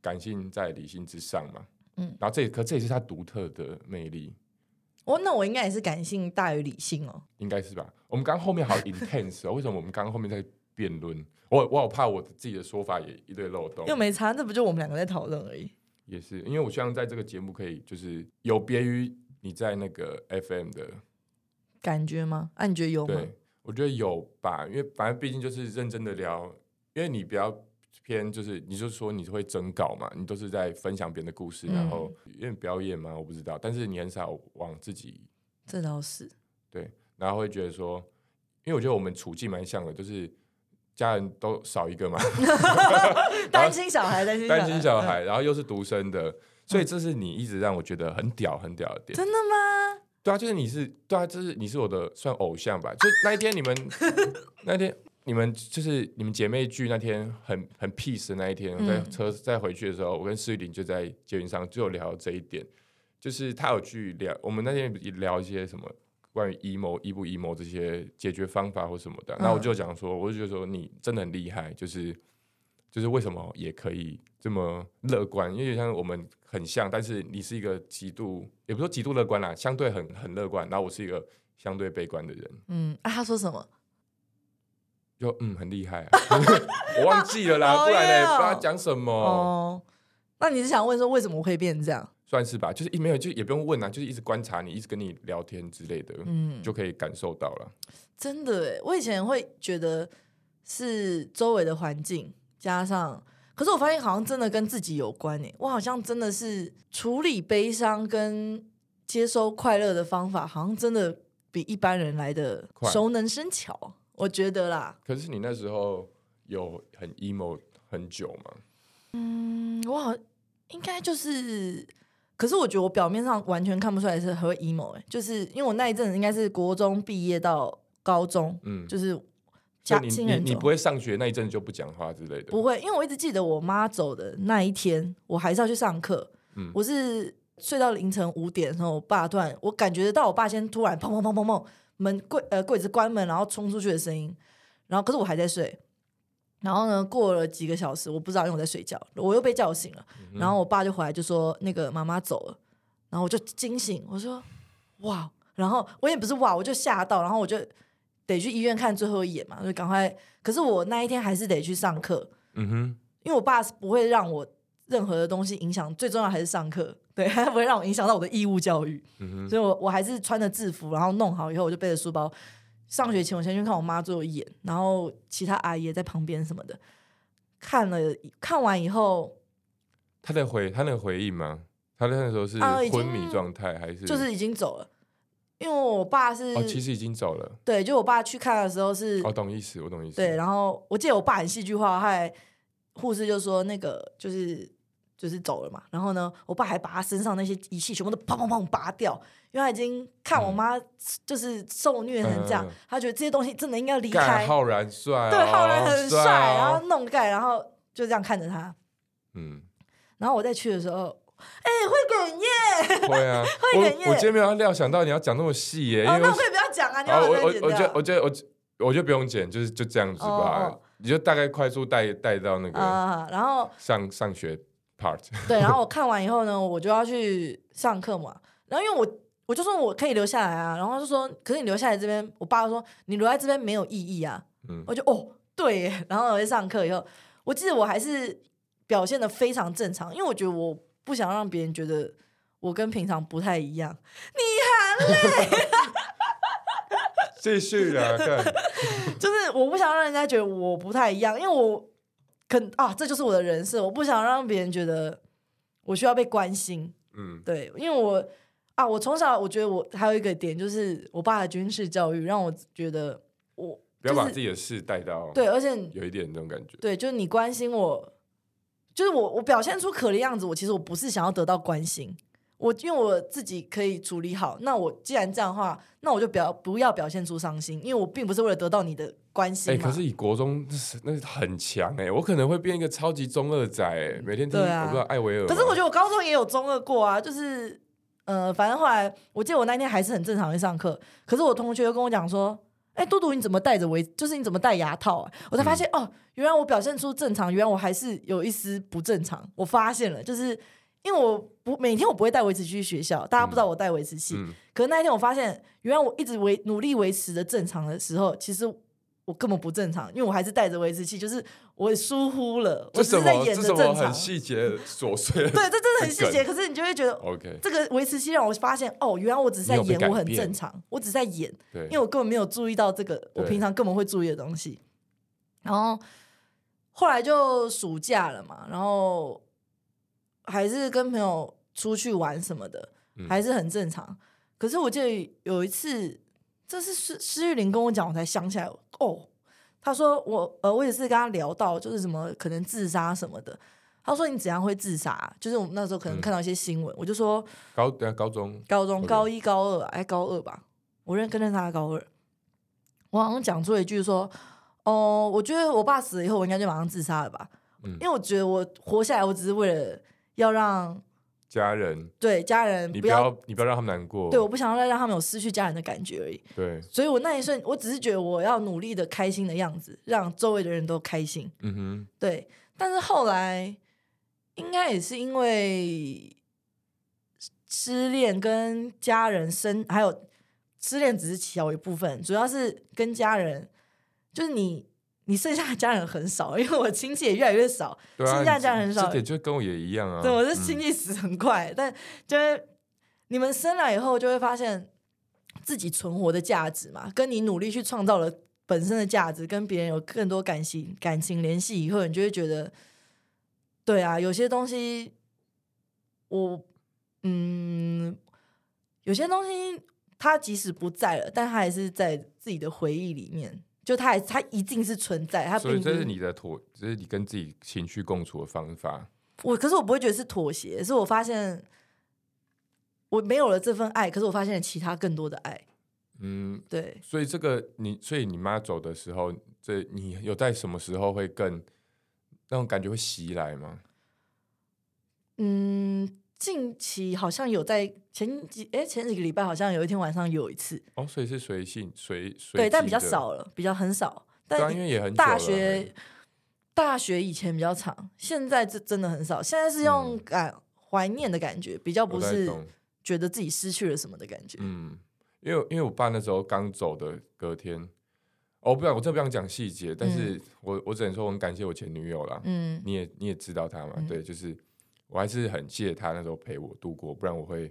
感性在理性之上嘛，嗯、然後這可這也是他獨特的魅力。哦、oh,，那我應該也是感性大於理性哦，應該是吧？我們剛後面好 intense，、哦、 為什麼我們剛後面在辯論？我我好怕我自己的說法也一堆漏洞，又沒差，那不就我們兩個在討論而已？也是，因為我希望在這個節目可以就是有別於你在那個 FM 的感覺嗎？啊，你覺得有嗎？對我覺得有吧，因為反正畢竟就是認真的聊，因為你比較。偏就是，你就說你會徵稿嘛，你都是在分享別人的故事，嗯、然後因為表演嗎？我不知道，但是你很少往自己，這倒是對，然後會覺得說，因為我覺得我們處境蠻像的，就是家人都少一個嘛，單 親小孩，單親小孩，單親，親小孩，然後又是獨生的，所以這是你一直讓我覺得很屌，很屌的點。真的嗎？對啊，就是你是對啊，就是你是我的算偶像吧？就那一天你們 那一天。你們就是你們姐妹聚那天很很 peace 的那一天，嗯、在車在回去的時候，我跟詩林就在捷運上就聊這一點，就是他有去聊，我們那天也聊一些什麼關於 EMO、一不一 EMO 這些解決方法或什麼的。那、嗯、我就講說，我就覺得說你真的很厲害，就是就是為什麼也可以這麼樂觀，因為像我們很像，但是你是一個極度也不說極度樂觀啦，相對很很樂觀，然後我是一個相對悲觀的人。嗯，啊，他說什麼？就嗯，很厲害、啊， 我忘記了啦， oh, yeah. 不然呢，不知道講什麼。哦、oh.，那你是想問說為什麼會變成這樣？算是吧，就是一沒有就也不用問啊，就是一直觀察你，一直跟你聊天之類的，嗯，就可以感受到了。真的、欸，我以前會覺得是周圍的環境加上，可是我發現好像真的跟自己有關誒、欸，我好像真的是處理悲傷跟接收快樂的方法，好像真的比一般人來的熟能生巧、啊。我覺得啦，可是你那時候有很 emo 很久嗎？嗯，我好應該就是， 可是我覺得我表面上完全看不出來是很 emo 哎、欸，就是因為我那一陣子應該是國中畢業到高中，嗯，就是家庭你，你，你不會上學那一陣就不講話之類的，不會，因為我一直記得我媽走的那一天，我還是要去上課，嗯，我是睡到凌晨五點，然後我爸斷，我感覺到我爸先突然砰砰砰砰砰、砰。門櫃呃櫃子關門，然後衝出去的聲音，然後可是我還在睡，然後呢過了幾個小時，我不知道因為我在睡覺，我又被叫醒了，嗯哼，然後我爸就回來就說那個媽媽走了，然後我就驚醒，我說哇，然後我也不是哇，我就嚇到，然後我就得去醫院看最後一眼嘛，就趕快，可是我那一天還是得去上課，嗯哼，因為我爸是不會讓我。任何的東西影響最重要還是上課，對，還不會讓我影響到我的義務教育，嗯、哼所以我我還是穿着制服，然後弄好以後我就背着書包上學前，我先去看我媽最後一眼，然後其他阿姨也在旁邊什麼的，看了看完以後，他在回他在回憶嗎？他在那個時候是昏迷狀態還是、啊、就是已經走了？因為我爸是、哦、其實已經走了，對，就我爸去看的時候是，我、哦、懂意思，我懂意思。對，然後我記得我爸很戲劇化，後來護士就說那個就是。就是走了嘛，然後呢，我爸還把他身上那些儀器全部都砰砰砰，拔掉，因為他已經看我媽就是受虐成這樣，嗯、他覺得這些東西真的應該離開。浩然帥、哦，對，浩然很帥，帥、哦，然後弄蓋，然後就這樣看着他。嗯。然後我再去的時候，哎、欸，會哽咽？會啊，會哽咽。我今天沒有料想到你要講那麼細耶、欸，那我也不要講啊，你。我我我覺我覺得我我就不用剪，就是就這樣子吧。哦哦，你就大概快速帶帶到那個，啊、然後上上學。 對，然後我看完以後呢，我就要去上課嘛。然後因為我我就說我可以留下來啊，然後他就說，可是你留下來這邊。我爸說你留在這邊沒有意義啊。嗯，我就哦對耶，然後我在上課以後，我記得我還是表現得非常正常，因為我覺得我不想讓別人覺得我跟平常不太一樣。你含淚， 繼續啊， 就是我不想讓人家覺得我不太一樣，因為我。可啊，這就是我的人設，我不想讓別人覺得我需要被關心。嗯，對，因為我啊，我從小我覺得我還有一個點，就是我爸的軍事教育讓我覺得我、就是、不要把自己的事帶到、就是、對，而且有一點那種感覺，對，就是你關心我，就是我我表現出可憐樣子，我其實我不是想要得到關心。我因為我自己可以處理好，那我既然這樣的話，那我就表不要表現出傷心，因為我並不是為了得到你的關心嘛、欸、可是以國中那是很強誒、欸，我可能會變一個超級中二仔、欸，每天都是、啊、我不知道艾薇爾。可是我覺得我高中也有中二過啊，就是呃，反正後來我記得我那天還是很正常的上課，可是我同學又跟我講說，哎、欸，嘟嘟你怎麼戴着圍，就是你怎麼戴牙套、啊？我才發現、嗯、哦，原來我表現出正常，原來我還是有一絲不正常，我發現了，就是。因為我不每天我不會帶維持器去學校，大家不知道我帶維持器。嗯嗯、可是那一天我發現，原來我一直維努力維持的正常的時候，其實我根本不正常，因為我還是帶着維持器，就是我疏忽了，我只是在演的正常。很細節瑣碎， 對，這真的很細節。 可是你就會覺得，OK，這個維持器讓我發現，哦，原來我只是在演，我很正常，我只是在演，因為我根本沒有注意到這個我平常根本會注意的東西。然後後來就暑假了嘛，然後。還是跟朋友出去玩什麼的、嗯，還是很正常。可是我記得有一次，這是詩詩玉玲跟我講，我才想起來哦。他說我呃，我也是跟他聊到，就是什麼可能自殺什麼的。他說你怎樣會自殺、啊？就是我們那時候可能看到一些新聞、嗯，我就說高等下高中，高中高一高二，哎，高二吧，我認跟着他高二。我好像講出一句說，哦、呃，我覺得我爸死了以後，我應該就馬上自殺了吧、嗯？因為我覺得我活下來，我只是為了。要讓家人對家人，你不要你不要讓他們難過。對，我不想要再讓他們有失去家人的感覺而已。對，所以我那一瞬，我只是覺得我要努力的開心的樣子，讓周圍的人都開心。嗯哼，對。但是後來，應該也是因為失戀跟家人生，還有失戀只是小一部分，主要是跟家人，就是你。你剩下的家人很少，因為我親戚也越來越少。 對啊，剩下家人很少，這點就跟我也一樣啊。對、嗯，我是親戚死很快，但就是你們生來以後，就會發現自己存活的價值嘛，跟你努力去創造了本身的價值，跟別人有更多感情感情聯繫以後，你就會覺得，對啊，有些東西我，我嗯，有些東西他即使不在了，但他還是在自己的回憶裡面。就他還，他一定是存在，他所以這是你的妥，這是你跟自己情緒共處的方法。我可是我不會覺得是妥協，是我發現我沒有了這份愛，可是我發現了其他更多的愛。嗯，對。所以這個你，所以你媽走的時候，這你有在什麼時候會更那種感覺會襲來嗎？嗯。近期好像有在前幾哎、欸、前幾個禮拜好像有一天晚上有一次哦。所以是隨性隨對，但比較少了比較很少，但因為也很久大學、欸、大學以前比較長，現在這真的很少，現在是用感懷、嗯、念的感覺比較不是覺得自己失去了什麼的感覺。嗯，因為因為我爸那時候剛走的隔天哦，不，我真的不想講細節，但是我，我只能說我很感謝我前女友啦。嗯，你也你也知道她嘛、嗯、對，就是。我還是很謝謝他那時候陪我度過，不然我會，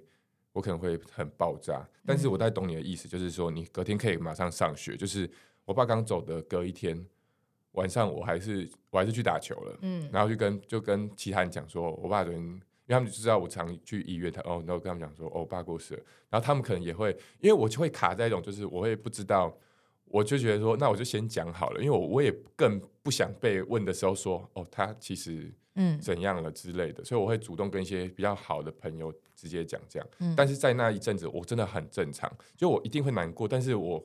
我可能會很爆炸。但是我大概懂你的意思，就是說你隔天可以馬上上學。就是我爸剛走的隔一天晚上，我還是我還是去打球了，嗯，然後就跟就跟其他人講說，我爸昨天，因為他們就知道我常去醫院，他哦，然後跟他們講說，哦，我爸過世了，然後他們可能也會，因為我就會卡在一種，就是我會不知道。我就覺得說，那我就先講好了，因為我我也更不想被問的時候說，哦，他其實嗯怎樣了之類的、嗯，所以我會主動跟一些比較好的朋友直接講這樣。嗯、但是在那一陣子，我真的很正常，就我一定會難過，但是我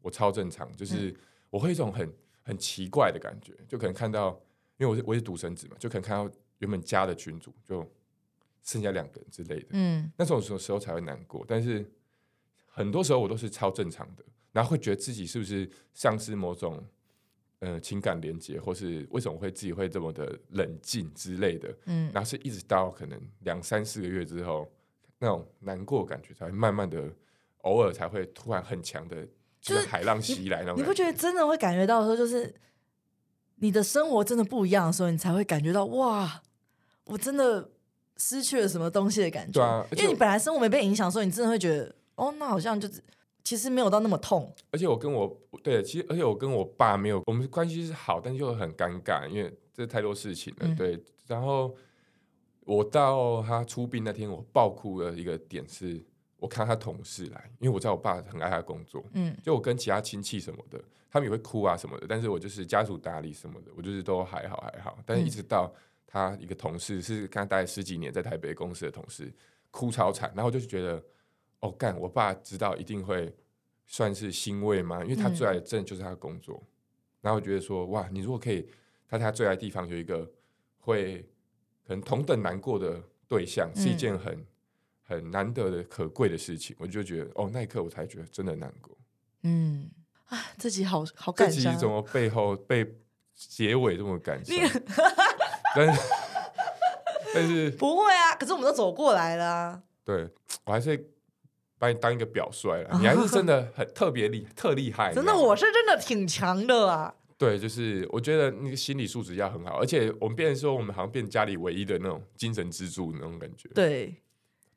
我超正常，就是我會有一種很很奇怪的感覺，就可能看到，因為我是我是獨生子嘛，就可能看到原本家的群組就剩下兩個人之類的，嗯，那種時候時候才會難過，但是很多時候我都是超正常的。然後會覺得自己是不是喪失某種呃情感連接，或是為什麼會自己會這麼的冷靜之類的？嗯，然後是一直到可能兩三四個月之後，那種難過感覺才慢慢的，偶爾才會突然很強的，就是海浪襲來那種你。你不覺得真的會感覺到說，就是你的生活真的不一樣的時候，你才會感覺到哇，我真的失去了什麼東西的感覺。對啊，因為你本來生活沒被影響的時候，你真的會覺得哦，那好像就是。其實沒有到那麼痛，而且我跟我對，其實而且我跟我爸沒有，我們的關係是好，但又很尷尬，因為這太多事情了。嗯、對，然後我到他出殯那天，我爆哭的一個點是，我看他同事來，因為我知道我爸很愛他工作，嗯，就我跟其他親戚什麼的，他們也會哭啊什麼的，但是我就是家屬打理什麼的，我就是都還好還好，但是一直到他一個同事、嗯、是跟他待了十幾年在台北公司的同事，哭超慘，然後我就是覺得。哦，幹！我爸知道一定會算是欣慰嘛，因為他最愛的正就是他的工作，嗯。然後我覺得說，哇，你如果可以在他最愛的地方有一個會可能同等難過的對象，嗯、是一件很很難得的可貴的事情。我就覺得，哦，那一刻我才覺得真的難過。嗯，啊，自己好好感傷，這集怎麼背後被結尾這麼感傷？ 但是，但是不會啊！可是我們都走過來了，啊。對，我還是。把你當一個表率了、啊，你還是真的很特別厲，特厲害。真的，我是真的挺強的啊。對，就是我覺得那個心理素質要很好，而且我們變成說我們好像變家裡唯一的那種精神支柱那種感覺。對，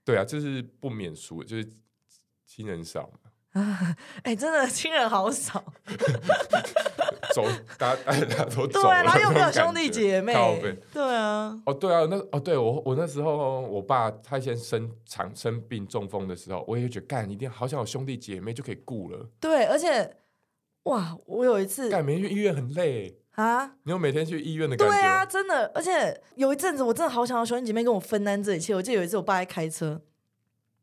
對啊，就是不免俗，就是親人少嘛。啊，哎、欸，真的親人好少。 走，大家大家都走，然後又沒有，兄弟，沒有兄弟姐妹？對啊，哦對啊，那哦對我我那時候我爸他先生常生病中風的時候，我也覺得幹一定好想有兄弟姐妹就可以顧了。對，而且哇，我有一次幹每天去醫院很累啊，你有每天去醫院的感覺？對啊，真的，而且有一陣子我真的好想要兄弟姐妹跟我分擔這一切。我記得有一次我爸在開車，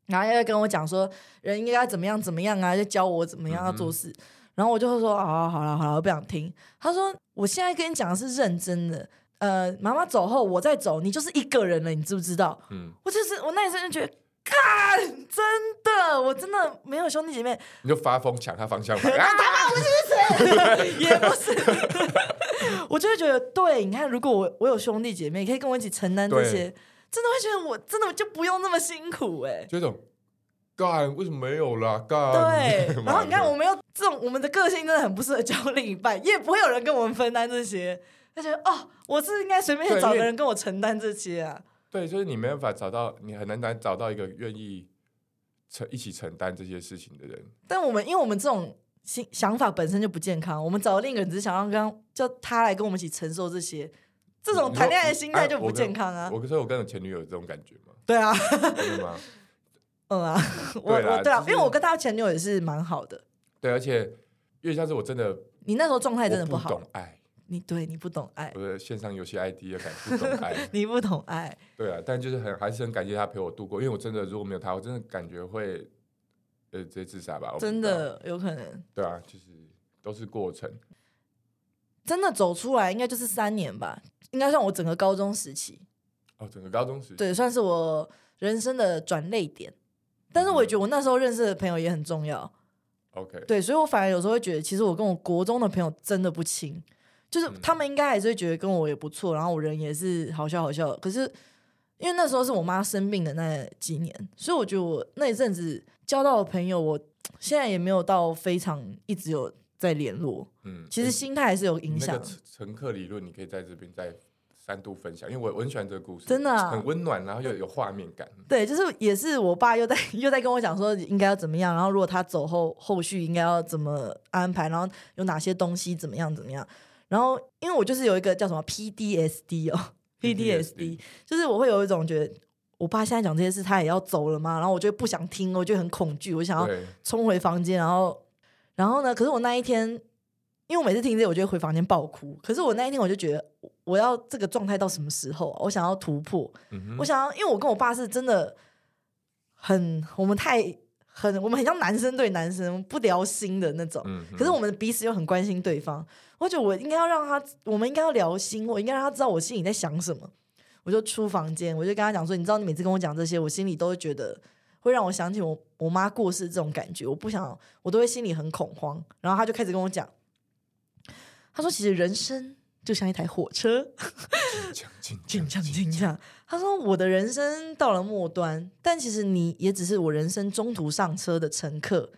然後又要跟我講說人應該怎麼樣怎麼樣啊，就教我怎麼樣要做事。嗯然後我就會說好啊，好了、啊、好了、啊啊，我不想聽。他說，我現在跟你講的是認真的。呃，媽媽走後，我再走，你就是一個人了，你知不知道？嗯、我就是我那一瞬間覺得，看，真的，我真的沒有兄弟姐妹。你就發瘋搶他方向盤，然後他媽，我們是誰？也不是 我就會覺得，對你看，如果我我有兄弟姐妹，可以跟我一起承擔這些，真的會覺得我真的就不用那麼辛苦哎、欸。這種幹為什麼沒有了、啊？幹對， 然後你看，我們又這種我們的個性真的很不適合交另一半，也不會有人跟我們分擔這些。他覺得哦，我是應該隨便去找個人跟我承擔這些啊。對。對，就是你沒有辦法找到，你很難找到一個願意承一起承擔這些事情的人。但我們因為我們這種想想法本身就不健康，我們找另一個人只想要跟他叫他來跟我們一起承受這些，這種談戀愛的心態就不健康啊。我可是我跟我，我跟前女友有這種感覺嗎？對啊。嗎？ 啊， 我我對啊、就是，因為我跟他前女友也是蠻好的。對，而且因為像是我真的，你那時候狀態真的不好，不懂愛。你對，你不懂愛。我的線上遊戲 ID 也感受不懂愛， 你不懂愛。對啊，但就是很還是很感謝他陪我度過，因為我真的如果沒有他，我真的感覺會呃直接自殺吧，真的有可能。對啊，就是都是過程。真的走出來應該就是三年吧，應該算我整個高中時期。哦，整個高中時期，對，算是我人生的轉捩點。但是我也覺得我那時候認識的朋友也很重要，OK，對，所以我反而有時候會覺得，其實我跟我國中的朋友真的不親，就是他們應該還是會覺得跟我也不錯，然後我人也是好笑好笑。可是因為那時候是我媽生病的那幾年，所以我覺得我那一陣子交到的朋友，我現在也沒有到非常一直有在聯絡。嗯，其實心態還是有影響。欸，那個乘客理論，你可以在這邊再。三度分享，因為我很喜歡這個故事，真的，啊，很溫暖，然後又有畫面感。對，就是也是我爸又在又在跟我講說應該要怎麼樣，然後如果他走後後續應該要怎麼安排，然後有哪些東西怎麼樣怎麼樣。然後因為我就是有一個叫什麼 PDSD 哦、PTSD、 ，PDSD，就是我會有一種覺得我爸現在講這些事，他也要走了嘛，然後我就不想聽，我就很恐懼，我想要衝回房間，然後然後呢，可是我那一天。因為我每次聽這些，我就會回房間爆哭。可是我那一天，我就覺得我要這個狀態到什麼時候啊？我想要突破、嗯，我想要，因為我跟我爸是真的很，很我們太很我們很像男生對男生不聊心的那種。嗯、可是我們的彼此又很關心對方。我覺得我應該要讓他，我們應該要聊心，我應該讓他知道我心裡在想什麼。我就出房間，我就跟他講說：“你知道，你每次跟我講這些，我心裡都會覺得會讓我想起我我媽過世這種感覺。我不想，我都會心裡很恐慌。”然後他就開始跟我講。他說：“其實人生就像一台火車， 他說，我的人生到了末端，但其實你也只是我人生中途上車的乘客。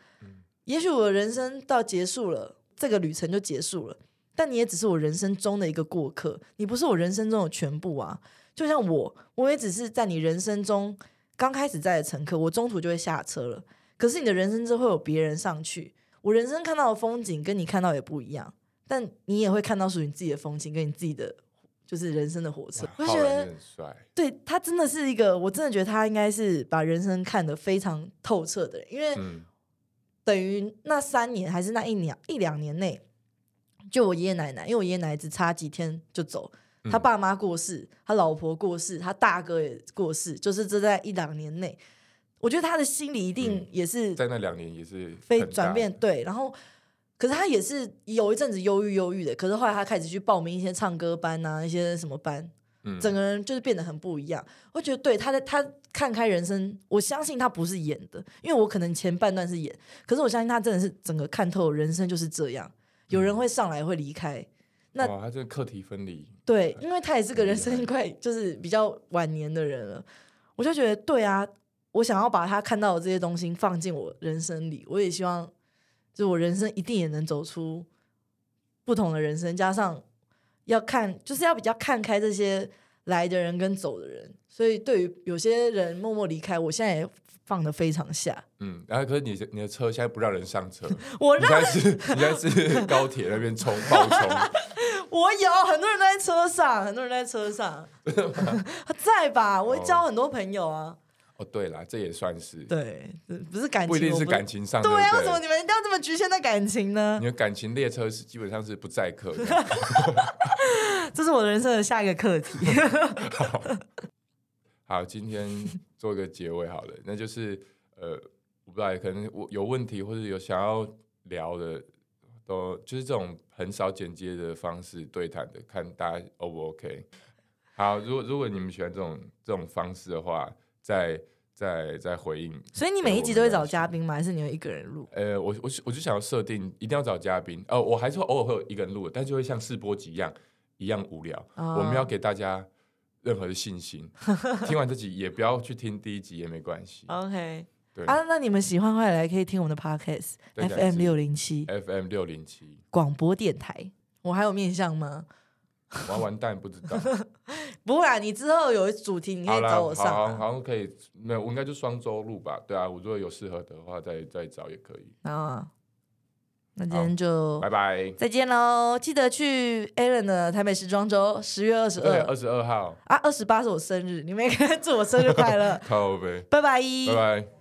也許我的人生到結束了，這個旅程就結束了，但你也只是我人生中的一個過客。你不是我人生中的全部啊！就像我，我也只是在你人生中剛開始在的乘客，我中途就會下車了。可是你的人生中會有別人上去，我人生看到的風景跟你看到也不一樣。”但你也會看到屬於你自己的風景，跟你自己的就是人生的火車。我覺得對他真的是一個，我真的覺得他應該是把人生看得非常透徹的人，因為、嗯、等於那三年還是那一兩、一兩年內，就我爺爺奶奶，因為我爺爺奶奶只差幾天就走、嗯，他爸媽過世，他老婆過世，他大哥也過世，就是這在一兩年內，我覺得他的心理一定也是、嗯、在那兩年也是非轉變對，然後。可是他也是有一陣子憂鬱憂鬱的，可是後來他開始去報名一些唱歌班啊，一些什麼班，嗯，整個人就是變得很不一樣。我覺得對，他在他看開人生，我相信他不是演的，因為我可能前半段是演，可是我相信他真的是整個看透人生就是這樣，嗯，有人會上來，會離開。那，哦，他這個課題分離，對，因為他也是個人生快就是比較晚年的人了，我就覺得對啊，我想要把他看到的這些東西放進我人生裡，我也希望。就我人生一定也能走出不同的人生，加上要看，就是要比較看開這些來的人跟走的人。所以對於有些人默默離開，我現在也放得非常下。嗯，然後，啊，可是你你的車現在不讓人上車， 我讓你， 你應該是高鐵那邊衝冒衝， 我有很多人在車上，很多人在車上，是吧 在吧？我交很多朋友啊。Oh. 哦、oh，對了，這也算是對，不是感情，不一定是感情上的，啊。對啊，怎麼你們一定要這麼局限在感情呢？你的感情列車是基本上是不載客。 這是我的人生的下一個課題 好。好，今天做一個結尾好了，那就是呃，我不知道，可能我有問題或者有想要聊的，都就是這種很少剪接的方式對談的，看大家 O、哦、不 OK？好，如果如果你們喜歡這種這種方式的話。在在在回應，所以你每一集都會找嘉賓嗎？還是你會一個人錄？呃，我我我就想要設定一定要找嘉賓，呃、哦，我還是會偶爾會有一個人錄，但就會像試播集一樣一樣無聊。Oh. 我沒有給大家任何的信心， 聽完這集也不要去聽第一集也沒關係。OK，對啊，那你們喜歡快來,來可以聽我們的 Podcast FM 六零七 FM 六零七廣播電台，我還有面向嗎？完完蛋，不知道 不會啊，你之後有一主題，你可以找我上、啊好。好,好，好像可以。沒有，我應該就雙周錄吧。對啊，我如果有適合的話再，再再找也可以。好啊，那今天就拜拜，再見嘍！記得去 Allen 的台北時裝周，十月二十二，二十二號啊，二十八是我生日，你們也可以祝我生日快樂。好拜拜，拜拜。Bye bye